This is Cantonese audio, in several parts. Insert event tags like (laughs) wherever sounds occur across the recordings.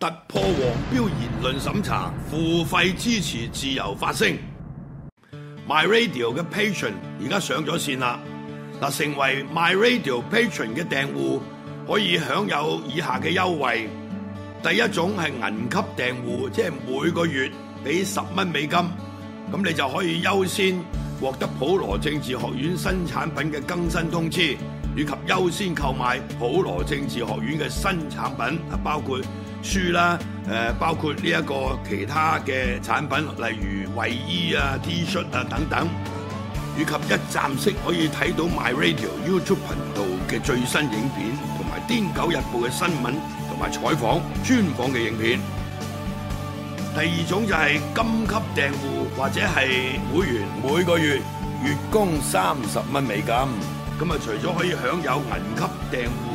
突破黃標言論審查，付費支持自由發聲。MyRadio 嘅 Patreon 而家上咗線啦。嗱，成為 MyRadio Patreon 嘅訂戶可以享有以下嘅優惠。第一種係銀級訂戶，即係每個月俾十蚊美金，咁你就可以優先獲得普羅政治學院新產品嘅更新通知，以及優先購買普羅政治學院嘅新產品，啊，包括書啦，誒包括呢一個其他嘅產品，例如衛衣啊、T 恤啊等等，以及一站式可以睇到 MyRadio YouTube 頻道嘅最新影片，同埋《癲狗日報》嘅新聞，同埋採訪專訪嘅影片。第二種就係金級訂戶或者係會員，每個月月供三十蚊美金。咁啊，除咗可以享有銀級訂。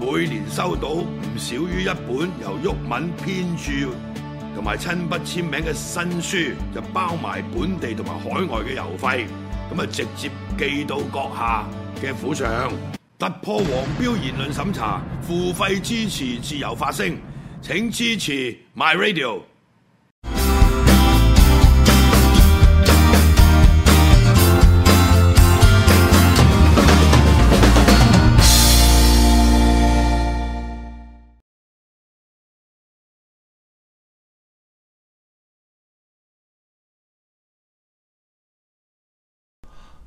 每年收到唔少於一本由毓民編著同埋親筆簽名嘅新書，就包埋本地同埋海外嘅郵費，咁啊直接寄到閣下嘅府上。突破黃標言論審查，付費支持自由發聲，請支持 My Radio。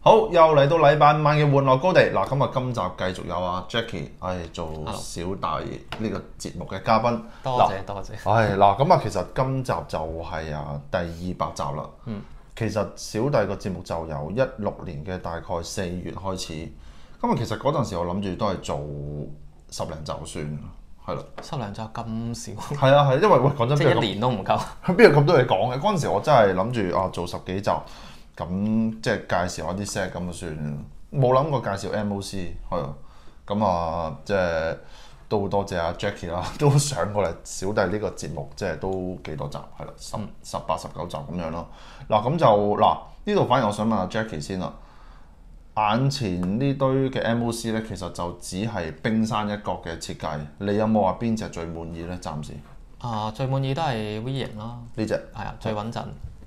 好，又嚟到禮拜五晚嘅玩樂高地嗱，咁啊今集繼續有啊 Jackie，係、哎、做小弟呢個節目嘅嘉賓。多謝 Hello. 多謝。係嗱嘍，咁啊謝、哎、其實今集就係啊第二百集啦。嗯。其實小弟個節目就由一六年嘅大概四月開始，咁啊其實嗰陣時我諗住都係做十零集算，係啦。十零集咁少？係啊係，因為喂講真，即係一年都唔夠，邊度咁多嘢講嘅？嗰 (laughs) 陣時我真係諗住啊做十幾集。咁即係介紹我啲 set 咁就算，冇諗過介紹 MOC 係啊。咁啊，即係都好多謝阿、啊、Jacky 啦，都上過嚟小弟呢個節目，即係都幾多集係啦，十十八十九集咁樣咯。嗱咁就，嗱呢度反而我想問下 Jacky 先啦，眼前堆呢堆嘅 MOC 咧，其實就只係冰山一角嘅設計，你有冇話邊隻最滿意咧？暫時啊，最滿意都係 V 型啦，呢隻係啊，最穩陣，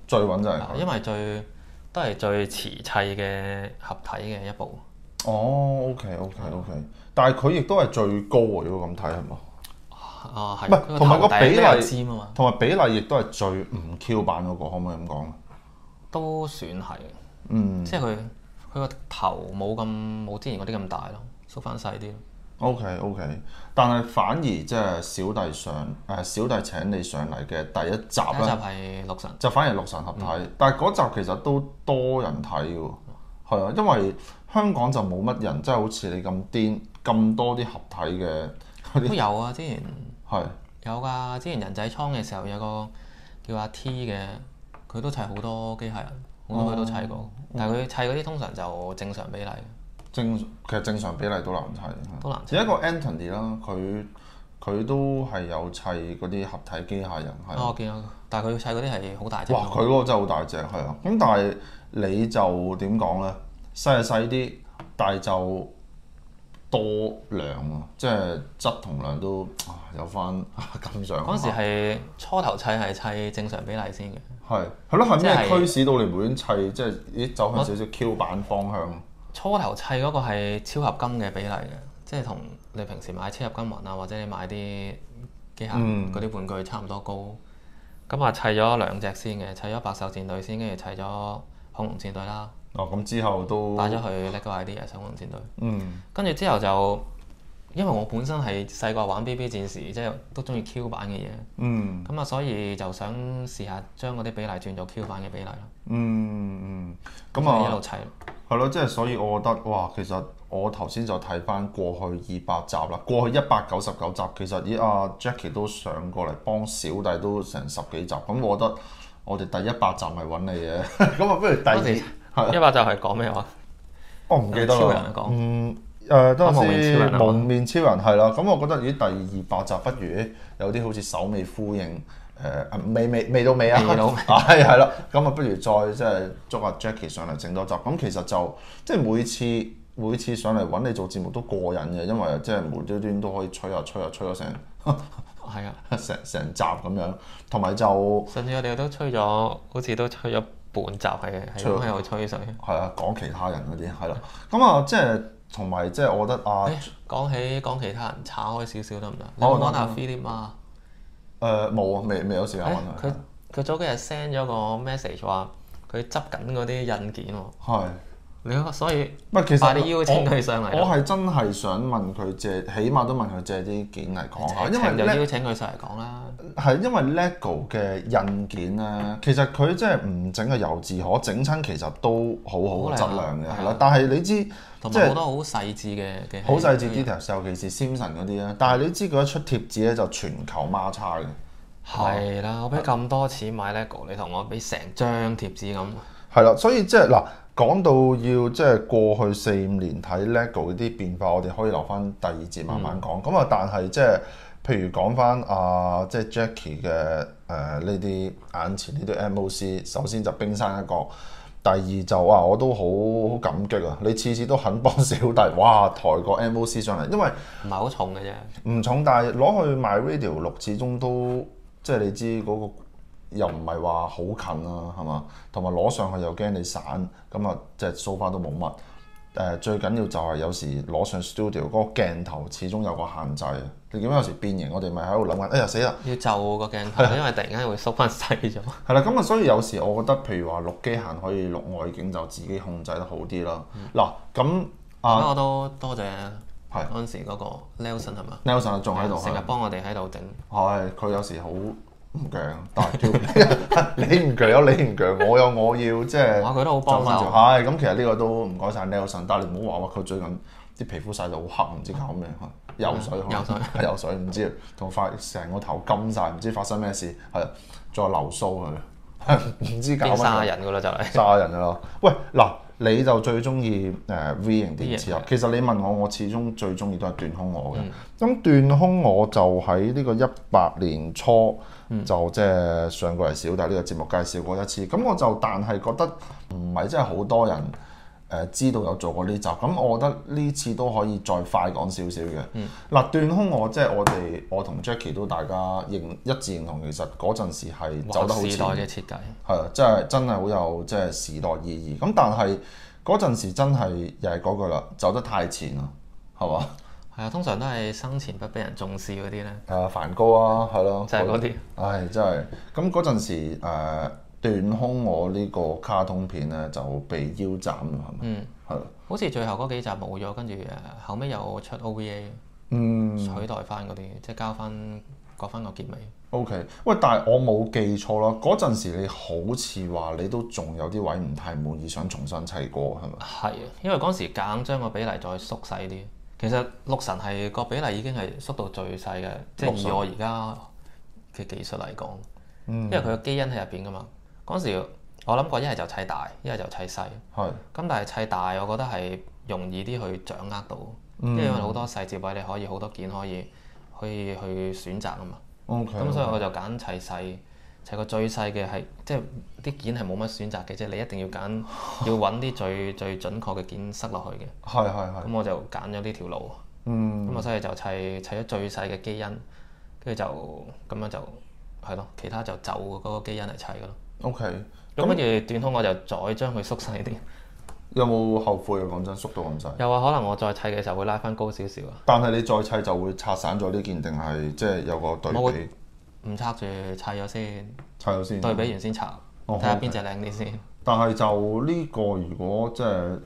最穩陣，因為最。都係最遲砌嘅合體嘅一部。哦、oh,，OK，OK，OK，、okay, okay, okay. 但係佢亦都係最高喎，如果咁睇，係嘛？啊，係。唔係，同埋個比例啊嘛，同埋比例亦都係最唔 Q 版嗰個，可唔可以咁講？都算係。嗯，即係佢佢個頭冇咁冇之前嗰啲咁大咯，縮翻細啲。O K O K，但係反而即係小弟上誒、啊、小弟請你上嚟嘅第一集啦，第一集係六神，就反而六神合體。嗯、但係嗰集其實都多人睇喎，係啊、嗯，因為香港就冇乜人，即係好似你咁癲咁多啲合體嘅都有啊。之前係的有㗎、啊，之前人仔倉嘅時候有個叫阿 T 嘅，佢都砌好多機械人，好多佢都砌過，哦嗯、但係佢砌嗰啲通常就正常比例。正其實正常比例都難砌，都難砌。而一個 Anthony 啦、嗯，佢佢都係有砌嗰啲合體機械人，係。啊，我見到，但係佢砌嗰啲係好大隻。哇！佢嗰個真係好大隻，係啊。咁、嗯、但係你就點講咧？細係細啲，但係就多量喎，即、就、係、是、質同量都有翻咁上。嗰、啊、時係初頭砌係砌正常比例先嘅。係係咯，係咩驅使到你唔會砌？即係咦走向少少 Q 版方向。初頭砌嗰個係超合金嘅比例嘅，即係同你平時買超合金雲啊，或者你買啲機械嗰啲玩具差唔多高。咁啊砌咗兩隻先嘅，砌咗百獸戰隊先，跟住砌咗恐龍戰隊啦。哦，咁之後都帶咗去叻 idea 想恐龍戰隊。哦、嗯。跟住、嗯、之後就因為我本身係細個玩 B B 戰士，即係都中意 Q 版嘅嘢。嗯。咁啊，所以就想試下將嗰啲比例轉做 Q 版嘅比例啦、嗯。嗯嗯。咁啊，一路砌。係咯，即係所以，我覺得哇，其實我頭先就睇翻過去二百集啦，過去一百九十九集，其實咦，阿 Jacky 都上過嚟幫小弟，都成十幾集，咁我覺得我哋第一百集係揾你嘅，咁 (laughs) 啊不如第二一百集係講咩話？我唔記得啦、嗯。嗯，誒、呃，都係蒙面超人。蒙面超人係啦，咁我覺得咦，第二百集不如有啲好似首尾呼應。誒啊、呃！未未未到尾啊！未到尾，係係啦。咁啊，不如再即係、就是、捉阿 Jacky 上嚟 Jack 整多集。咁其實就即係每次每次上嚟揾你做節目都過癮嘅，因為即係無端端都可以吹啊吹啊吹咗成係啊，成成集咁樣。同埋就甚至我哋都吹咗，好似都吹咗半集嘅，喺喺度吹水。係啊，講其他人嗰啲係啦。咁啊，即係同埋即係我覺得啊，講、欸、起講其他人岔開開少少得唔得？講下 Philip 啊。誒冇啊，未未有時間問佢、欸。佢早幾日 send 咗個 message 話，佢執緊嗰啲印件喎。係。你個所以其實邀請佢上嚟。我係真係想問佢借，起碼都問佢借啲件嚟講下，因為咧就邀請佢上嚟講啦。係因為 LEGO 嘅印件咧，其實佢真係唔整個油字可整親，其實都好好質量嘅，係啦、啊。是的但係你知，即係好多好細緻嘅嘅。好細緻 detail，尤其是 Simson 嗰啲咧。但係你知佢一出貼紙咧，就全球孖叉嘅。係啦，我俾咁多錢買 LEGO，你同我俾成張貼紙咁。係啦，所以即係嗱。講到要即係過去四五年睇 Lego 嗰啲變化，我哋可以留翻第二節慢慢講。咁啊、嗯，但係即係譬如講翻啊，即、呃、係、就是、Jackie 嘅誒呢、呃、啲眼前呢啲 MOC，首先就冰山一角，第二就話、是、我都好好、嗯、感激啊！你次次都肯幫小弟哇抬個 MOC 上嚟，因為唔係好重嘅啫，唔重，但係攞去 MyRadio 錄，始終都即係、就是、你知嗰、那個。又唔係話好近啊，係嘛？同埋攞上去又驚你散，咁啊即係收翻都冇乜。誒、呃、最緊要就係有時攞上 studio 嗰個鏡頭，始終有個限制。你點解有時變形？我哋咪喺度諗緊，哎呀死啦！要就個鏡頭，的因為突然間會縮翻細咗。係啦，咁所以有時我覺得，譬如話錄機械可以錄外景，就自己控制得好啲、嗯、啦。嗱咁啊，我都多謝係嗰陣時嗰個 Nelson, Nelson 係嘛？Nelson 仲喺度，成日幫我哋喺度整。係佢、哎、有時好。唔 (laughs) (laughs) 強，大招。你唔強有你唔強，我有我要，即係。話佢都好幫襯。咁 (laughs) 其實呢個都唔該晒 Nelson，但係你唔好話話佢最近啲皮膚曬到好黑，唔知搞咩？ (laughs) 游水。游水。游水， (laughs) 唔知同發成個頭金晒，唔知發生咩事，係 (laughs) 再留鬚佢，唔知搞乜。殺人㗎啦，就係、是。殺人㗎啦，喂嗱。你就最中意誒 V 形電磁俠啊！其實你問我，嗯、我始終最中意都係斷空我嘅。咁斷、嗯、空我就喺呢個一八年初就即係上個嚟小弟呢個節目介紹過一次。咁我就但係覺得唔係真係好多人。誒知道有做過呢集，咁我覺得呢次都可以再快講少少嘅。嗱斷、嗯啊、空我我，我即係我哋我同 Jacky 都大家認一致認同，其實嗰陣時係走得好前時代嘅設計係啊，即係真係好有即係時代意義。咁但係嗰陣時真係又係嗰句啦，走得太前啦，係嘛？係啊，通常都係生前不被人重視嗰啲咧。係梵、啊、高啊，係咯，就嗰啲。唉、哎，真係咁嗰陣時斷空我呢個卡通片咧就被腰斬，係咪？係咯、嗯，好似最後嗰幾集冇咗，跟住誒後尾又出 OVA，嗯、取代翻嗰啲，即係交翻過翻個結尾。O.K. 喂，但係我冇記錯啦，嗰陣時你好似話你都仲有啲位唔太滿意，想重新砌過，係咪？係啊，因為嗰陣時夾硬將個比例再縮細啲。其實六神係個比例已經係縮到最細嘅，即係以我而家嘅技術嚟講，六神？因為佢個基因喺入邊㗎嘛。嗰時我諗過一係就砌大，一係就砌細。係咁是，但係砌大，我覺得係容易啲去掌握到，嗯、因為好多細節位你可以好多件可以可以去選擇啊嘛。O K。咁所以我就揀砌細砌，砌個最細嘅係即係啲件係冇乜選擇嘅即係，你一定要揀要揾啲最 (laughs) 最準確嘅件塞落去嘅。係係係。咁我就揀咗呢條路。咁我、嗯、所以就砌砌咗最細嘅基因，跟住就咁樣就係咯，其他就走嗰、嗰個基因嚟砌噶咯。O.K. 咁跟住斷空我就再將佢縮細啲。有冇後悔啊？講真，縮到咁細。有啊，可能我再砌嘅時候會拉翻高少少啊。但係你再砌就會拆散咗呢件，定係即係有個對比。我會唔拆住砌咗先？砌咗先。對比完先拆，睇下邊隻靚啲先。看看哦 okay. 但係就呢個，那個，如果即係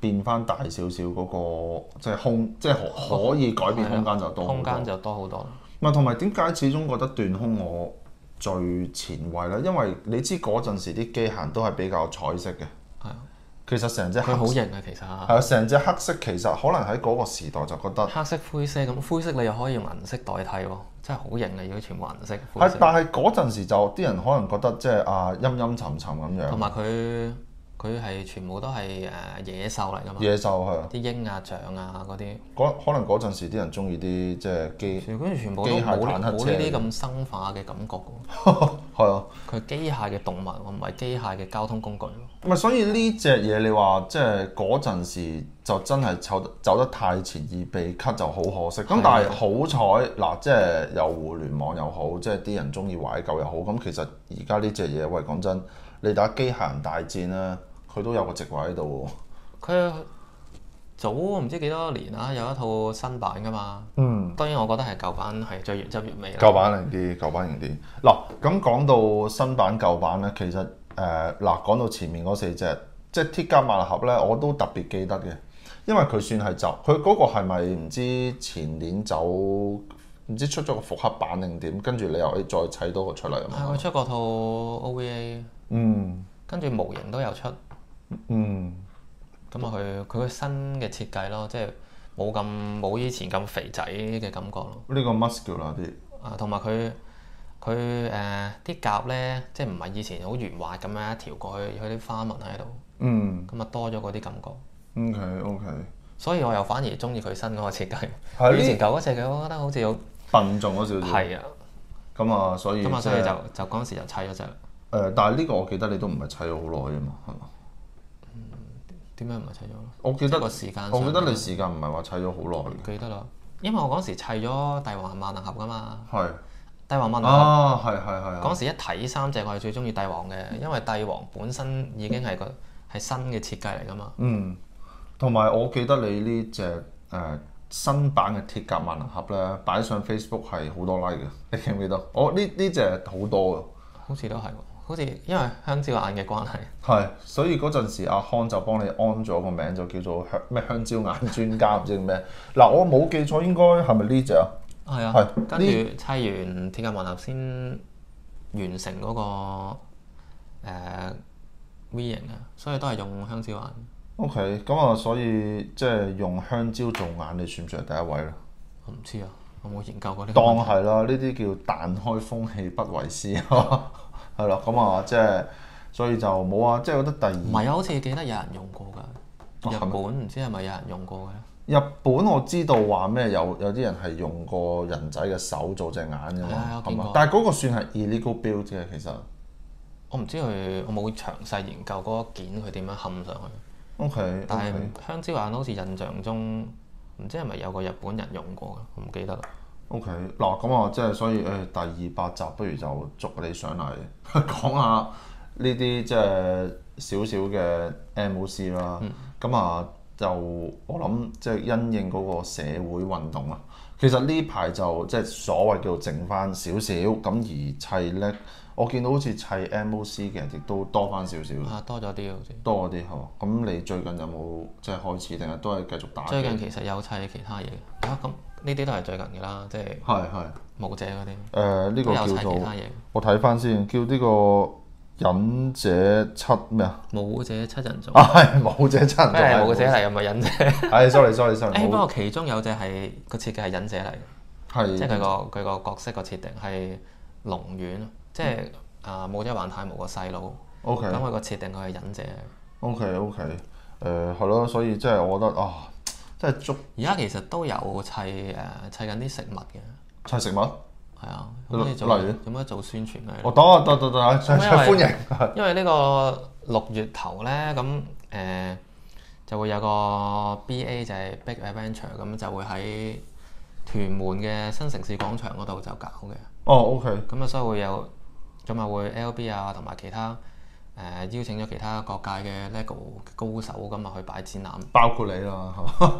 變翻大少少，嗰個即係空，即係可可以改變空間就多好多。空間就多好多。唔係，同埋點解始終覺得斷空我？最前衞啦，因為你知嗰陣時啲機械都係比較彩色嘅。係啊的，其實成隻黑好型啊，其實係啊，成隻黑色其實可能喺嗰個時代就覺得黑色灰色咁灰色，你又可以用銀色代替喎，真係好型啊，如果全部銀色灰色。係，但係嗰陣時就啲人可能覺得即係啊陰陰沉沉咁樣。同埋佢。佢係全部都係誒野獸嚟㗎嘛，野獸係啊，啲鷹啊、象啊嗰啲，可能嗰陣時啲人中意啲即係機，嗰械全部都冇冇呢啲咁生化嘅感覺㗎喎，啊 (laughs) 的，佢係機械嘅動物我唔係機械嘅交通工具喎，咪所以呢隻嘢你話即係嗰陣時就真係走得走得太前而被 cut 就好可惜，咁的但係好彩嗱、呃，即係有互聯網又好，即係啲人中意懷舊又好，咁其實而家呢隻嘢喂講真，你打機械人大戰啦。佢都有個席位喺度。佢早唔知幾多年啦，有一套新版噶嘛。嗯。當然我覺得係舊版係最原汁原味。舊版靈啲，舊版靈啲。嗱咁講到新版舊版咧，其實誒嗱、呃、講到前面嗰四隻，即係鐵甲萬能俠咧，我都特別記得嘅，因為佢算係集。佢嗰個係咪唔知前年走，唔知出咗個複刻版定點，跟住你又可以再砌多個出嚟啊嘛。係，出過套 OVA。嗯。VA，嗯，跟住模型都有出。嗯，咁啊佢佢個新嘅設計咯，即係冇咁冇以前咁肥仔嘅感覺咯。呢個 muscular 啲，啊同埋佢佢誒啲甲咧，即係唔係以前好圓滑咁樣一條過去，佢啲花紋喺度。嗯，咁啊多咗嗰啲感覺。OK，OK。所以我又反而中意佢新嗰個設計。是以前舊嗰隻嘅，我覺得好似有的笨重咗少少。係啊的，咁啊所以。咁啊所以就就是，嗰，呃、時就砌咗隻。誒，但係呢個我記得你都唔係砌咗好耐啊嘛，係嘛？點解唔係砌咗？我記得個時間，我記得你時間唔係話砌咗好耐。記得啦，因為我嗰時砌咗帝皇萬能俠噶嘛。係，帝皇萬能俠。哦、啊，係係係。嗰時一睇三隻，我係最中意帝皇嘅，因為帝皇本身已經係個係新嘅設計嚟噶嘛。嗯，同埋我記得你呢隻誒、呃、新版嘅鐵甲萬能俠咧，擺上 Facebook 係好多 like 嘅。你記唔記得？我呢呢隻好多㗎。好似都係好似因為香蕉眼嘅關係，係所以嗰陣時阿康就幫你安咗個名，就叫做香咩香蕉眼專家，唔知叫咩。嗱，我冇記錯，應該係咪呢隻啊？係啊，係跟住砌完鐵甲木頭先完成嗰個誒 V 型啊，所以都係用香蕉眼。OK，咁啊，所以即係用香蕉做眼，你算唔算係第一位啦？我唔知啊，我冇研究過呢。當係啦，呢啲叫但開風氣不為師。係啦，咁啊，即係、就是、所以就冇啊，即係覺得第二唔係啊，好似記得有人用過㗎，日本唔知係咪有人用過嘅咧？日本我知道話咩有有啲人係用過人仔嘅手做隻眼㗎嘛，係啊，但係嗰個算係 illegal build 啫，其實我唔知佢，我冇詳細研究嗰件佢點樣嵌上去。OK，okay。但係香蕉眼好似印象中唔知係咪有個日本人用過㗎？唔記得啦。O.K. 嗱，咁啊，即係所以誒、哎，第二百集不如就捉你上嚟講下呢啲即係少少嘅 M.O.C. 啦。咁、嗯、啊，就我諗即係因應嗰個社會運動啊，其實呢排就即係所謂叫剩翻少少，咁而砌咧，我見到好似砌 M.O.C. 嘅亦都多翻少少。嚇、啊，多咗啲好似。多咗啲呵，咁你、嗯、最近有冇即係開始，定係都係繼續打？最近其實有砌其他嘢。啊，咁。呢啲都係最近嘅啦，即係武者嗰啲。誒，呢個其他嘢。我睇翻先，叫呢個忍者七咩啊？武者七人組。啊，係武者七人組，係武者嚟，唔係忍者。係，sorry，sorry，sorry。不過其中有隻係個設計係忍者嚟，係即係佢個佢個角色個設定係龍丸，即係啊武者幻太無個細佬。OK。咁佢個設定佢係忍者。OK，OK，誒係咯，所以即係我覺得啊。即係捉。而家其實都有砌，誒，砌緊啲食物嘅，砌食物。係啊，咁樣做，做咩了做宣傳嘅？我當、哦、啊，當當當，上上、啊、為歡迎。因為個呢個六月頭咧，咁誒、呃、就會有個 B A 就係 Big Adventure，咁就會喺屯門嘅新城市廣場嗰度就搞嘅。哦，OK。咁啊，所以會有咁啊，會 L B 啊，同埋其他。誒、呃、邀請咗其他各界嘅 LEGO 高手咁啊，去擺展覽，包括你啦，係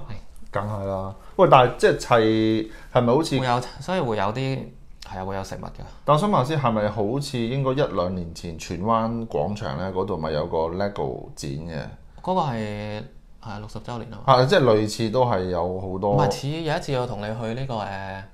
梗係啦，喂，但係即係係咪好似會有，所以會有啲係啊，會有食物嘅。但我想問下先，係咪好似應該一兩年前荃灣廣場咧，嗰度咪有個 LEGO 展嘅？嗰個係係六十周年啊嘛。係即係類似都係有好多。唔係似有一次我同你去呢、呢個誒、呃、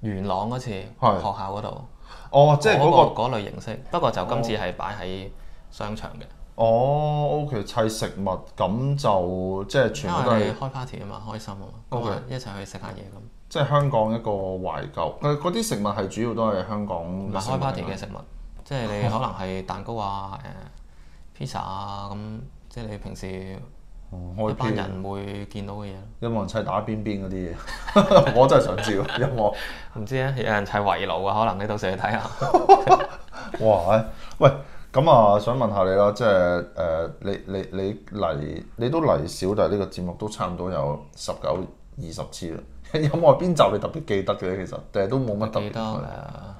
元朗嗰次的學校嗰度。哦，即係嗰個類形式，oh. 不過就今次係擺喺商場嘅。哦、oh,，OK，砌食物咁就即係全部都係開 party 啊嘛，開心啊嘛，OK，一齊去食下嘢咁。即係香港一個懷舊，佢嗰啲食物係主要都係香港。唔係開 party 嘅食物，食物那即係你可能係蛋糕啊、誒、呃、pizza 啊咁，即係你平時。一班人會見到嘅嘢，有冇人砌打邊邊嗰啲嘢， (laughs) 我真係想知有冇，唔知咧，有人砌圍爐啊，可能你到時去睇下。 (laughs) 哇，喂，咁啊，想問下你啦，即係誒、呃，你你你嚟，你都嚟少，但係呢個節目都差唔多有十九二十次啦。有冇邊集你特別記得嘅？其實定都冇乜特別？記得啦，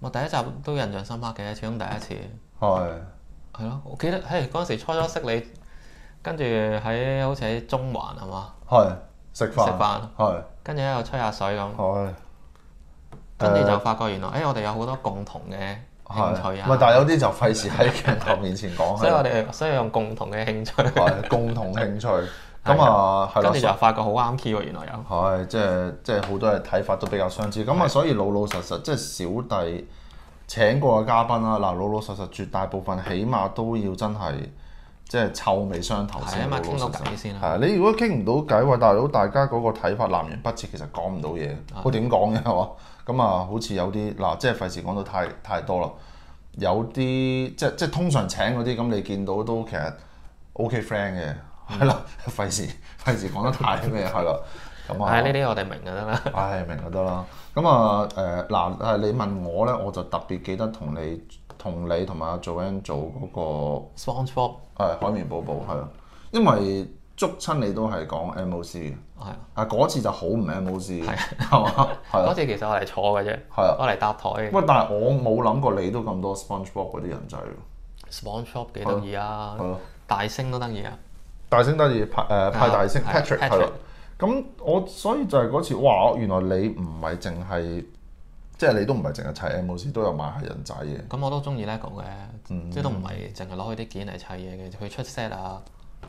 我第一集都印象深刻嘅，始終第一次。係是。係咯，我記得，嘿，嗰陣時初初識你。 (laughs) 跟住喺好似喺中環係嘛？係食飯。食飯。係。跟住喺度吹下水咁。係。跟住就發覺原來，誒我哋有好多共同嘅興趣啊。唔係，但係有啲就費事喺鏡頭面前講。所以我哋需要用共同嘅興趣。共同興趣。咁啊，係啦。跟住就發覺好啱 key 喎，原來又。係，即係即係好多嘅睇法都比較相似。咁啊，所以老老實實，即係小弟請過嘅嘉賓啦。嗱，老老實實絕大部分，起碼都要真係。即係臭味相投先，老老實實。係啊，你如果傾唔到偈，喂大佬大家嗰個睇法南轅北轍，其實講唔到嘢。佢點講嘅？係嘛，咁啊，好似有啲嗱，即係費事講到太太多啦。有啲即係即係通常請嗰啲咁，你見到都其實 OK friend 嘅，係咯、嗯嗯。費事費事講得太咩係咯？咁啊。 (laughs) 係呢啲我哋明就得啦。唉、 (laughs) 哎，明就得啦。咁啊誒嗱，你問我咧，我就特別記得同你。同你同埋阿 Joanne 做嗰個 SpongeBob，誒海綿寶寶係咯，因為捉親你都係講 MOC 嘅的，係啊，嗰次就好唔 MOC，係啊，係嘛，係啊，嗰 (laughs) 次其實我嚟坐嘅啫，係啊的，我嚟搭台嘅。喂，但係我冇諗過你都咁多 SpongeBob 嗰啲人仔 SpongeBob 幾得意啊，大聲都得意啊，大聲得意，派誒、呃、派大聲 Patrick 係啦，咁我所以就係嗰次，哇！原來你唔係淨係。即係你都唔係淨係砌 MOC，都有買下人仔嘅。咁我都中意 Lego 嘅，mm hmm. 即係都唔係淨係攞佢啲件嚟砌嘢嘅，佢出 set 啊，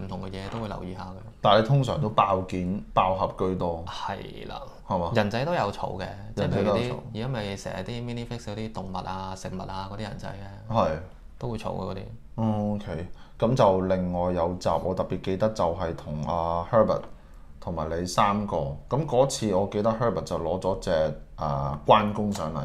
唔同嘅嘢都會留意下嘅。但係你通常都爆件、爆盒居多。係啦的，係嘛吧？人仔都有儲嘅，即係譬如啲而家咪成日啲 Minifigs 嗰啲動物啊、食物啊嗰啲人仔嘅。係的，都會儲嘅嗰啲。O K，咁就另外有集，我特別記得就係同阿 Herbert。同埋你三個，咁嗰次我記得 Herbert 就攞咗隻啊、呃、關公上嚟。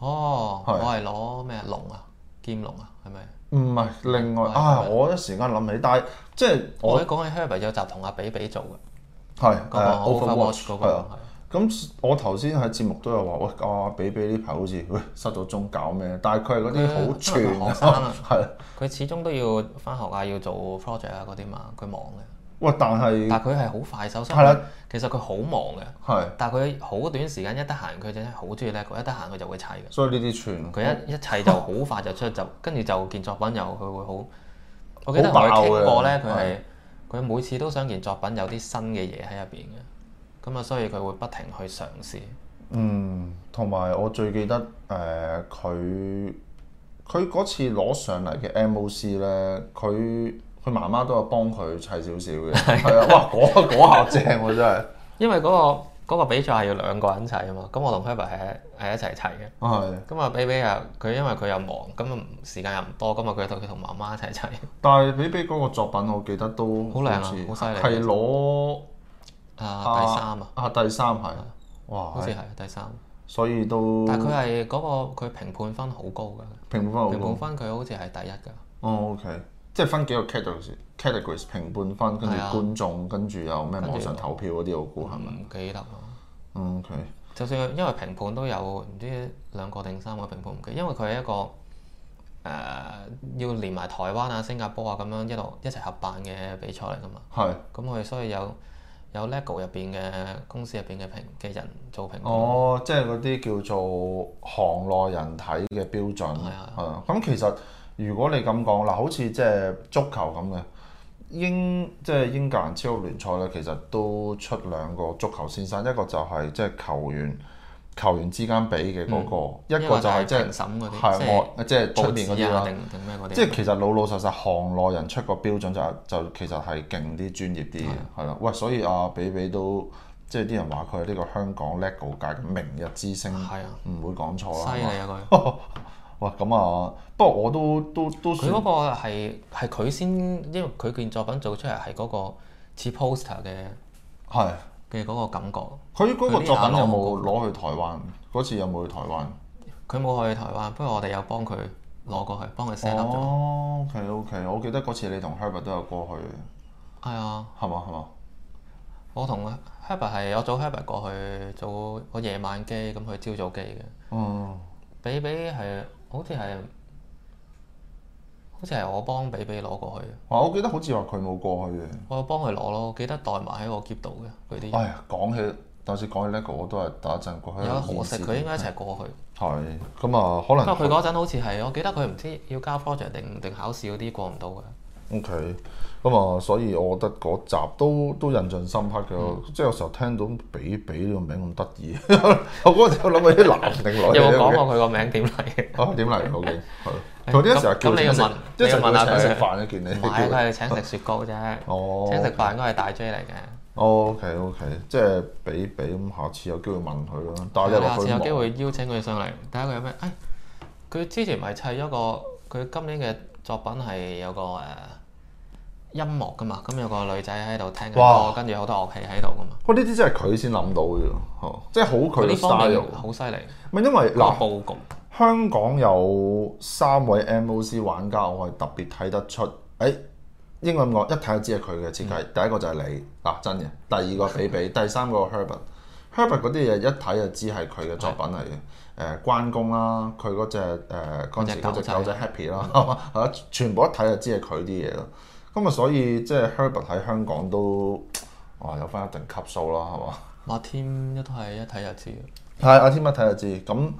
哦，是我係攞咩龍啊，劍龍啊，係咪？唔係，另外啊、哎，我一時間諗起，但係即係我一講起 Herbert 有集同阿比比做嘅，係嗰是個 Overwatch 嗰個。咁我頭先喺節目都有話，喂、哎、阿、啊、比比呢排好似喂失咗蹤，搞咩？但係佢係嗰啲好全學生，係啦 (laughs) 的，佢始終都要返學啊，要做 project 啊嗰啲嘛，佢忙嘅。哇！但係但佢係好快手，所，係啦。的其實佢好忙嘅，係的。但係佢好短時間一得閒，佢真係好中意呢個。一得閒佢就會砌嘅。所以呢啲全佢一我一砌就好快就出，就 (laughs) 跟住就件作品又佢會好。我記得同佢傾過咧，佢係佢每次都想件作品有啲新嘅嘢喺入邊嘅。咁啊，所以佢會不停去嘗試。嗯，同埋我最記得誒佢佢嗰次攞上嚟嘅 MOC 咧，佢。佢媽媽都有幫佢砌少少嘅，係啊，哇，嗰下正喎真係，因為嗰個比賽係要兩個人砌啊嘛，咁我同 Kobe 係一齊砌嘅，係，咁啊，Baby 啊，佢因為佢又忙，咁時間又唔多，咁啊佢同佢同媽媽一齊砌，但係 Baby 嗰個作品我記得都好靚啊，好犀利，係攞啊第三啊，第三係，哇，好似係第三，所以都，但係佢係嗰個佢評判分好高㗎，評判分評判分佢好似係第一㗎，哦，OK。即係分幾個 categories，categories 評判分跟住觀眾，跟住有咩網上投票嗰啲，我估係咪？唔、嗯、記得咯。OK。就算因為評判都有唔知兩個定三個評判，唔記。因為佢係一個誒、呃、要連埋台灣啊、新加坡啊咁樣一路一齊合辦嘅比賽嚟㗎嘛。係是。咁佢所以有有 LEGO 入邊嘅公司入邊嘅評嘅人做評判。哦，即係嗰啲叫做行內人睇嘅標準。係啊的。啊、嗯。咁、嗯、其實。如果你咁講嗱，好似即係足球咁嘅英、即係、就是、英格蘭超級聯賽咧，其實都出兩個足球先生，一個就係即係球員，球員之間比嘅嗰、那個，嗯、一個就係即係審係外即係出面啲啦。即係其實老老實實行內人出個標準就就其實係勁啲專業啲嘅，係啦的。喂，所以阿、啊、比比都即係啲人話佢係呢個香港 LEGO 界嘅明日之星，係的啊，唔會講錯啦。犀利啊。哇，咁啊！不過我都都都算佢嗰個係係佢先，因為佢件作品做出嚟係嗰個似 poster 嘅，係嘅嗰個感覺。佢嗰個作品有冇攞去台灣？嗰次有冇去台灣？佢冇去台灣，不過我哋有幫佢攞過去，幫佢 set up。哦，OK OK，我記得嗰次你同 Herbert 都有過去。係啊的，係嘛係嘛？我同 Herbert 係我早 Herbert 過去，做過我嗯、早我夜晚機咁佢朝早機嘅。哦、嗯，比比係。好似係，好似係我幫比比攞過去嘅、啊。我記得好似話佢冇過去嘅。我有幫佢攞咯，記得代埋喺我 keep 到嘅啲。哎呀，講起，但係講起 lego 我都係打陣過去。有可惜，佢應該一齊過去。係、嗯，咁啊，可、嗯、能。因為佢嗰陣好似係，我記得佢唔知要交 project 定定考試嗰啲過唔到嘅。O.K. 咁啊，所以我覺得嗰集都都印象深刻嘅，即係有時候聽到比比呢個名咁得意，我嗰陣有諗過佢啲男定女？有冇講過佢個名點嚟？啊，點嚟 O.K.，同啲時候咁，你問一下佢食飯都見你。買佢係請食雪糕啫，請食飯應該係大 J 嚟嘅。O.K.O.K. 即係比比咁，下次有機會問佢啦。下次有機會邀請佢上嚟，睇下佢有咩？誒，佢之前咪砌咗個，佢今年嘅作品係有個誒。音樂噶嘛，咁有個女仔喺度聽緊歌，跟住好多樂器喺度噶嘛。哇！呢啲真係佢先諗到嘅，即係好佢 style 好犀利。唔係因為嗱，香港有三位 MOC 玩家，我係特別睇得出。誒，應該咁講，一睇就知係佢嘅設計。第一個就係你嗱真嘅，第二個比比，第三個 Herbert，Herbert 嗰啲嘢一睇就知係佢嘅作品嚟嘅。誒，關公啦，佢嗰隻誒嗰陣時嗰隻狗仔 Happy 啦，係嘛？全部一睇就知係佢啲嘢咯。咁啊，所以即係 Herbert 喺香港都哇，有翻一定級數啦，係嘛？阿添一睇一睇就知，係阿添一睇就知。咁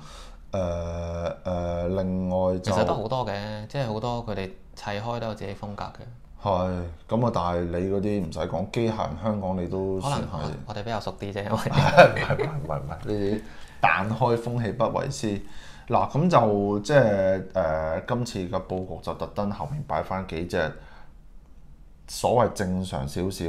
誒誒。另外就，其實都好多嘅，即係好多佢哋砌開都有自己風格嘅係。咁啊，但係你嗰啲唔使講，機械香港你都可能我哋比較熟啲啫。因為唔係唔係唔係，呢啲彈開風氣不為師嗱。咁就即係誒，今次嘅佈局就特登後面擺翻幾隻。所謂正常少少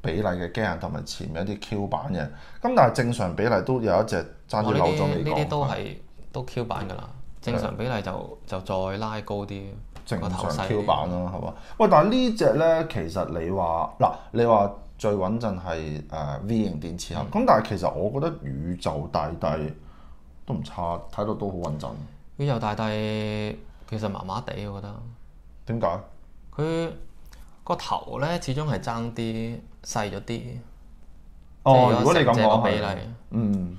比例嘅機人同埋前面一啲 Q 版嘅，咁但係正常比例都有一隻爭啲漏咗未講啊！呢啲都係都 Q 版噶啦，正常比例就的就再拉高啲，正常小頭細啲 Q 版啦、啊，係嘛？喂，但係呢隻咧，其實你話嗱，你話最穩陣係誒 V 形電磁俠，咁、嗯、但係其實我覺得宇宙大帝都唔差，睇到都好穩陣。宇宙大帝其實麻麻地，我覺得點解佢？個頭咧，始終係爭啲細咗啲。哦，如果你咁講比例，嗯，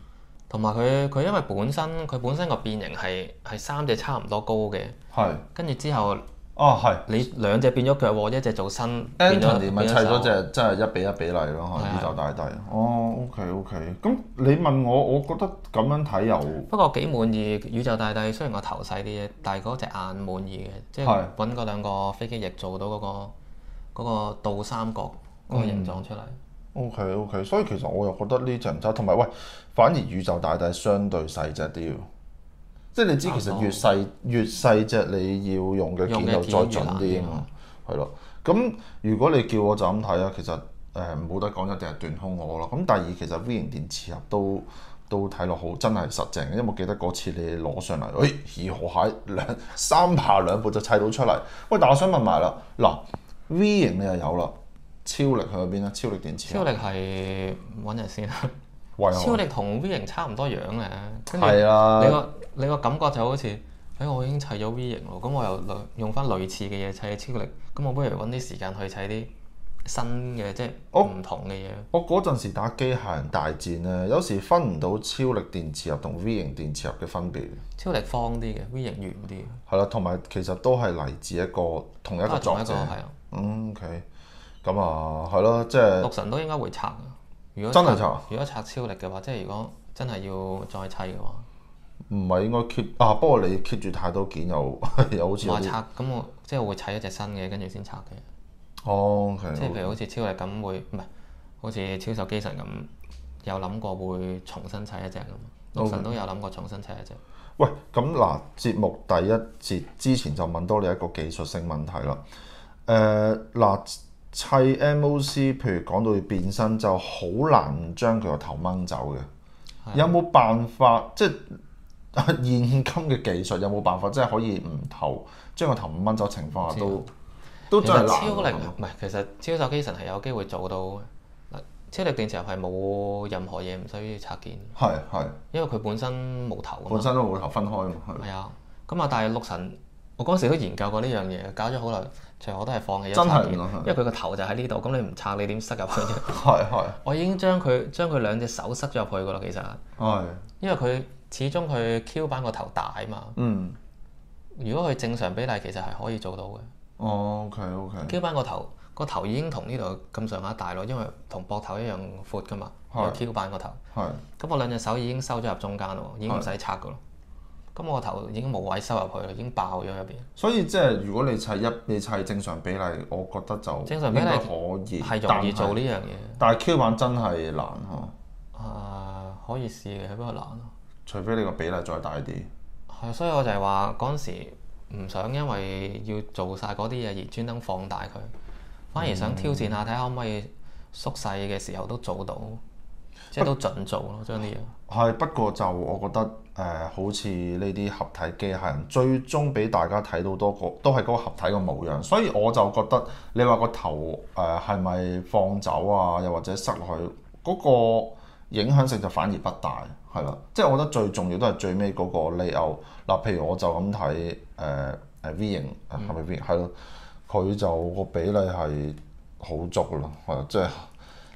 同埋佢佢因為本身佢本身個變形係係三隻差唔多高嘅，係跟住之後哦，係你兩隻變咗腳喎，一隻做身 Anthony 變咗，砌咗隻真係一比一比例咯。的宇宙大帝哦，O K O K，咁你問我，我覺得咁樣睇有不過幾滿意宇宙大帝。雖然個頭細啲啫，但係嗰隻眼滿意嘅，即係揾嗰兩個飛機翼做到嗰、嗰個。嗰個倒三角嗰個形狀出嚟。OK，OK，所以其實我又覺得呢隻唔差，同埋喂，反而宇宙大帝係相對細隻啲喎。即、就、係、是、你知其實越細、啊、越細隻，你要用嘅件頭再準啲啊嘛。係咯，咁如果你叫我就咁睇啊，其實誒冇、呃、得講，一定係斷空我啦。咁第二其實 V 形電磁俠都都睇落好真係實淨嘅，因為我記得嗰次你攞上嚟，誒咦我喺兩三下兩步就砌到出嚟。喂，但我想問埋啦，嗱。V 型，你又有啦，超力去邊啊？超力電池。超力係揾日先啦。喂超力同 V 型差唔多樣嘅，跟住、啊、你個你個感覺就好似，哎我已經砌咗 V 型咯，咁我又用返類似嘅嘢砌超力，咁我不如揾啲時間去砌啲。新嘅即係唔同嘅嘢。我嗰陣時打機械人大戰咧，有時分唔到超力電磁俠同 V 型電磁俠嘅分別。超力方啲嘅，V 型圓啲。係啦，同埋其實都係嚟自一個同一個作者。一個嗯，OK，咁啊，係咯，即、就、係、是、六神都應該會拆嘅。如果真係拆，拆如果拆超力嘅話，即係如果真係要再砌嘅話，唔係應該 keep 啊？不過你 keep 住太多件又又 (laughs) 好似我，我會拆咁，我即係會砌一隻新嘅，跟住先拆嘅。哦，即係、oh, okay. 譬如好似超力咁會，唔係，好似超獸機神咁，有諗過會重新砌一隻咁。老 Okay. 神都有諗過重新砌一隻。喂，咁嗱，節目第一節之前就問多你一個技術性問題啦。誒、呃，嗱，砌 MOC，譬如講到要變身，就好難將佢個頭掹走嘅。的有冇辦法即係、就是、現今嘅技術有冇辦法即係、就是、可以唔頭將個頭掹走情況下都？都真係難，唔係其實超獸機神係有機會做到嗱，超力電磁俠係冇任何嘢唔需要拆件，係係是，因為佢本身冇頭啊嘛，本身都冇頭分開啊嘛，係啊，咁啊但係六神，我嗰時都研究過呢樣嘢，搞咗好耐，最後我都係放棄拆件，因為佢個頭就喺呢度，咁你唔拆你點塞入去啫？係 (laughs) 係是，我已經將佢將佢兩隻手塞咗入去噶啦，其實係，的因為佢始終佢 Q 版個頭大啊嘛，嗯，如果佢正常比例其實係可以做到嘅。哦，OK，OK，Q 版個頭個頭已經同呢度咁上下大咯，因為同膊頭一樣闊噶嘛。是 Q 版個頭係。咁是我兩隻手已經收咗入中間咯，已經唔使拆噶咯。係是。咁我個頭已經冇位收入去，已經爆咗入邊。所以即係如果你砌一，你砌正常比例，我覺得就正常比例可以，係容易做呢樣嘢。但係 Q 版真係難啊，誒，可以試嘅，比較難咯。除非你個比例再大啲。係，所以我就係話嗰陣時。唔想因為要做晒嗰啲嘢而專登放大佢，反而想挑戰下睇可唔可以縮細嘅時候都做到，不即係都盡做咯，將啲嘢係。不過就我覺得誒、呃，好似呢啲合體機械人最終俾大家睇到多個都係嗰個合體嘅模樣，嗯、所以我就覺得你話個頭誒係咪放走啊，又或者塞落去嗰、嗰個。影響性就反而不大，係啦，即係我覺得最重要都係最尾嗰個 leo。嗱，譬如我就咁睇誒誒 V 型係咪 V 型，係咯、嗯，佢就個比例係好足啦，係即係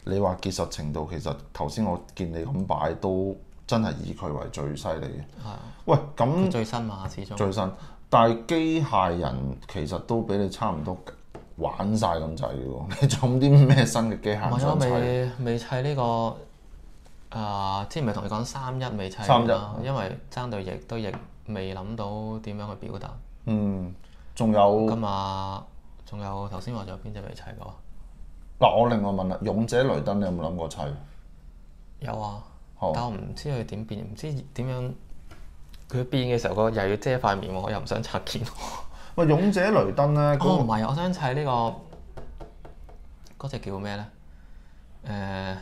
你話結實程度，其實頭先我見你咁擺都真係以佢為最犀利嘅。係啊，喂，咁最新啊，始終最新，但係機械人其實都比你差唔多玩晒咁滯嘅喎，你仲諗啲咩新嘅機械人？唔係我未未砌呢個。啊！之前咪同你講三一未砌，齊啦一，因為爭對翼都亦未諗到點樣去表達。嗯，仲有咁啊，仲有頭先話有邊隻未砌過？嗱、啊，我另外問啦，勇者雷登你有冇諗過砌？有啊，好但我唔知佢點變，唔知點樣佢變嘅時候，個又要遮塊面喎，我又唔想拆見。喂， (laughs) 勇者雷登咧，我唔係，我想砌、這個那個那個、呢個嗰隻叫咩咧？誒、呃。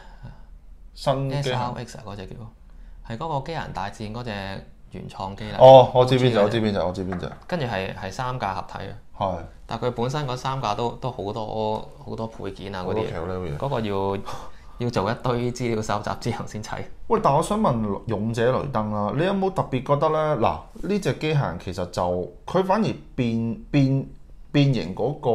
新 S.R.X 啊，嗰隻叫，係嗰、那個、個機械人大戰嗰隻原創機啦。哦，我知邊隻，我知邊隻，我知邊隻。跟住係係三架合體嘅。係的。但係佢本身嗰三架都都好多好多配件啊，嗰啲。好嗰個要要做一堆資料收集之後先砌。 (laughs) 喂，但係我想問勇者雷登啊，你有冇特別覺得咧？嗱，呢隻機械人其實就佢反而變變。變形嗰個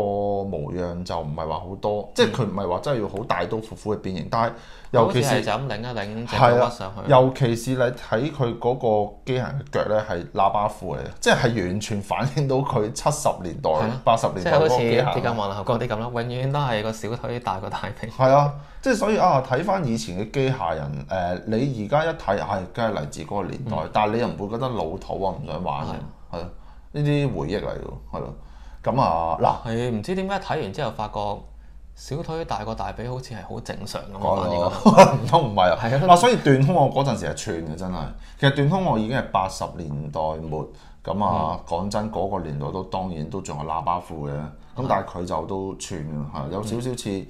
模樣就唔係話好多，嗯、即係佢唔係話真係要好大刀闊斧嘅變形，但係尤其是，是就咁擰一擰，彎上去。尤其是你睇佢嗰個機械人嘅腳咧，係喇叭褲嚟嘅，即係完全反映到佢七十年代、八十的年代即係好似依家萬能俠啲咁咯，永遠都係個小腿大過大腿。係啊，即係所以啊，睇翻以前嘅機械人，誒、呃，你而家一睇係，梗係嚟自嗰個年代，嗯、但係你又唔會覺得老土啊，唔想玩嘅，係咯的，呢啲回憶嚟嘅，係咯。咁啊，嗱，係唔知點解睇完之後，發覺小腿大過大髀，好似係好正常咁講呢個，唔通唔係啊？嗱， (laughs) (laughs) 所以斷空我嗰陣時係串嘅，真係。其實斷空我已經係八十年代末咁啊，講、嗯、真嗰、嗰個年代都當然都仲係喇叭褲嘅，咁但係佢就都串嘅，係、啊、有少少似。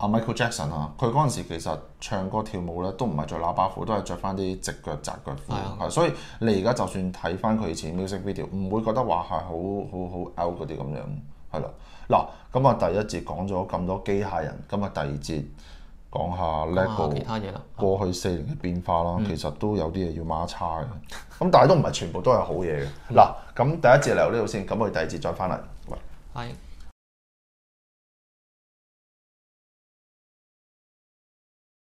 阿 Michael Jackson 啊，佢嗰陣時其實唱歌跳舞咧都唔係着喇叭褲，都係着翻啲直腳窄腳褲。係啊，所以你而家就算睇翻佢以前 music video，唔會覺得話係好好好 out 嗰啲咁樣，係咯。嗱，咁啊第一節講咗咁多機械人，今日第二節講下 LEGO、啊、其他嘢啦。過去四年嘅變化啦，嗯、其實都有啲嘢要馬差嘅。咁、嗯、但係都唔係全部都係好嘢嘅。嗱、嗯，咁第一節留呢度先，咁我哋第二節再翻嚟。喂，係。